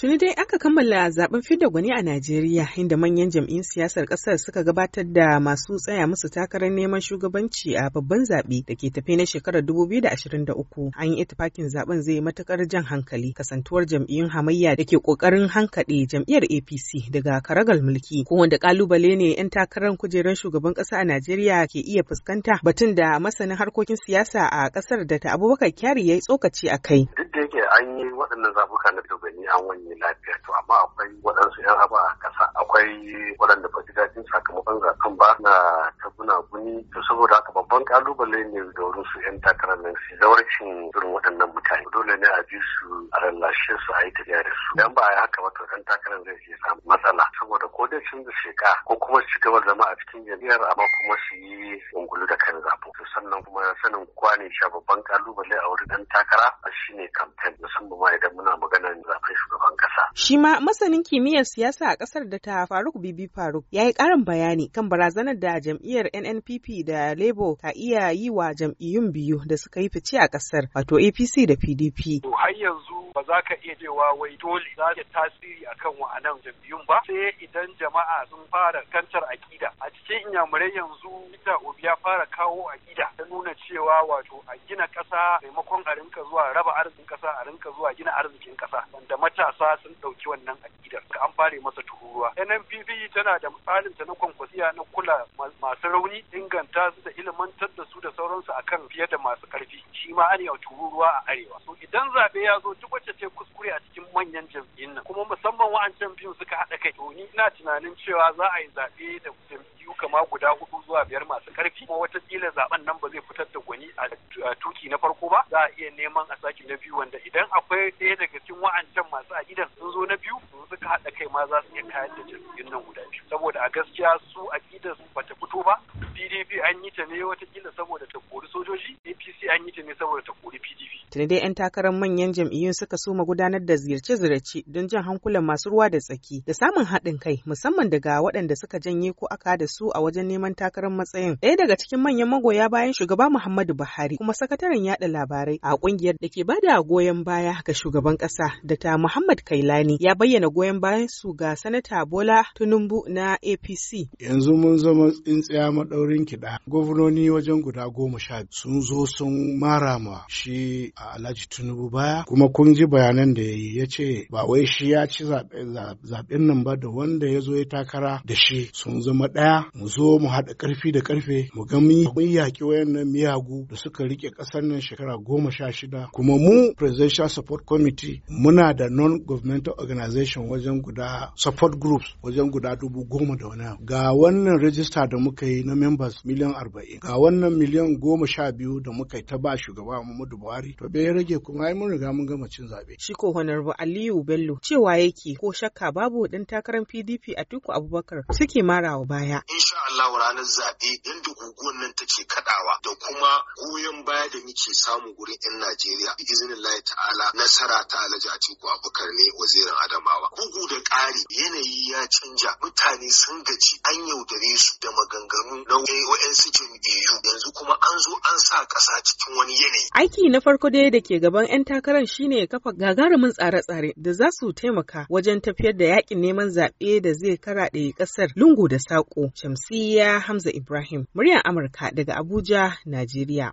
Tuni dai aka kammala zaben fidda gwani a Najeriya inda manyan jam'in siyasar ƙasar suka gabatar da masu tsaya musu takarar neman shugabanci a babban zaɓe da ke tafe na shekarar 2023. An yi itifakin zaben zai matukar jan hankali kasantuwar jam'iyyun hamayya da ke ƙoƙarin hankaɗe jam'iyyar APC daga karagal mulki ko wanda ƙalubale ne 'yan takarar kujerar shugaban ƙasa a Najeriya ke iya fuskanta batun da masanin harkokin siyasa a ƙasar da ta Abubakar Kyari ya yi tsokaci a kai. Duk da yake an yi waɗannan zabuka na dubani an wani lafiya to amma akwai waɗansu 'yan haba a ƙasa akwai waɗanda ba ji daɗin sakamakon zaɓen ba na ta guni to saboda haka babban kalubale ne da wurin su 'yan takarar nan su zawarcin irin waɗannan mutane dole ne a bi su a lallashe su a yi tafiya da su idan ba a yi haka ba to yan takarar zai iya samun matsala saboda ko dai sun da sheka ko kuma su gaba zama a cikin jam'iyyar amma kuma su yi ungulu da kan zaɓen sannan kuma sanin kwane sha babban kalubale a wurin takara shine kamfen musamman ma idan muna Shi ma masanin kimiyyar siyasa a ƙasar da ta Faruk Bibi Faruk ya yi ƙarin bayani kan barazanar da jam'iyyar NNPP da Labour ka iya yi wa jam'iyyun biyu da suka yi fice a ƙasar wato APC da PDP. Har yanzu ba za ka iya cewa wai dole za ta tasiri akan wa'anan jam'iyyun ba sai idan jama'a sun fara kantar akida a cikin inyamurai yanzu Peter Obi ya fara kawo aƙida ta nuna cewa wato a gina ƙasa maimakon a rinka zuwa raba arzikin ƙasa a rinka zuwa gina arzikin ƙasa wanda matasa sun ɗauki ɗauki wannan aƙidar ka an fare masa tuhuruwa NNPP tana da misalin ta na kwankwasiya na kula masu rauni inganta su da ilimantar da su da sauransu a kan fiye da masu ƙarfi shi ma an yau tuhuruwa a arewa so idan zaɓe ya zo duk wacce ce kuskure a cikin manyan jam'iyyun nan kuma musamman wa'ancan biyu suka haɗa kai to ni ina tunanin cewa za a yi zaɓe da jam'iyyu biyu kama guda hudu zuwa biyar masu karfi kuma watakila zaben nan ba zai fitar da gwani a tuki na farko ba za a iya neman a sake na biyu wanda idan akwai ɗaya daga cikin wa'ancan masu aƙidan sun zo na biyu su suka haɗa kai ma za su iya kayar da jam'iyyun nan guda biyu saboda a gaskiya su aƙidar su bata fito ba pdp an yi ta ne watakila saboda ta kori sojoji apc an yi ta ne saboda ta kori pdp tuni dai yan takarar manyan jam'iyyun suka soma gudanar da ziyarce-ziyarce don jan hankulan masu ruwa da tsaki da samun haɗin kai musamman daga waɗanda suka janye ko aka da su a wajen neman takarar matsayin ɗaya daga cikin manyan magoya bayan shugaba muhammadu buhari kuma sakataren yaɗa labarai a ƙungiyar da ke bada goyon baya ga shugaban ƙasa da ta muhammad kailani ya bayyana goyon bayan su ga sanata bola tinubu na apc yanzu mun zama tsintsiya maɗaurin rinkiɗa gwamnoni wajen guda goma sha sun zo sun mara ma shi a alhaji tinubu baya kuma kun ji bayanan da yayi ya ce ba wai shi ya ci zaɓen nan ba da wanda ya zo ya takara da shi sun zama ɗaya mu zo mu haɗa ƙarfi da ƙarfe mu ga mun yaƙi wayannan miyagu da suka riƙe ƙasar nan shekara goma sha shida kuma mu presidential support committee muna da non-governmental organization wajen guda support groups wajen guda dubu goma da wani ga wannan rajista da muka yi na member plus miliyan arba'in ga wannan miliyan goma sha biyu da muka ta ba shugaba Muhammadu Buhari to bai rage kuma ai mun riga mun gama cin zaɓe. shi ko honorable Aliyu Bello cewa yake ko shakka babu dan takarar PDP a Tuku Abubakar suke marawa baya Allah ranar zaɓe yadda guguwar nan take kaɗawa da kuma goyon baya da muke samu gurin 'yan Najeriya bi izinin Allah ta'ala nasara ta Alhaji Atiku Abubakar ne wazirin Adamawa. Bugu da ƙari yanayi ya canja mutane sun gaji an yaudare su da maganganu na wa'yansu EU, yanzu kuma an zo an sa ƙasa cikin wani yanayi. Aiki na farko dai da ke gaban 'yan takarar shine kafa gagarumin tsare-tsare da za su taimaka wajen tafiyar da yakin neman zaɓe da zai karaɗe ƙasar lungu da saƙo. Shamsi Shamsiyya Hamza Ibrahim, muryar Amurka daga Abuja, Najeriya.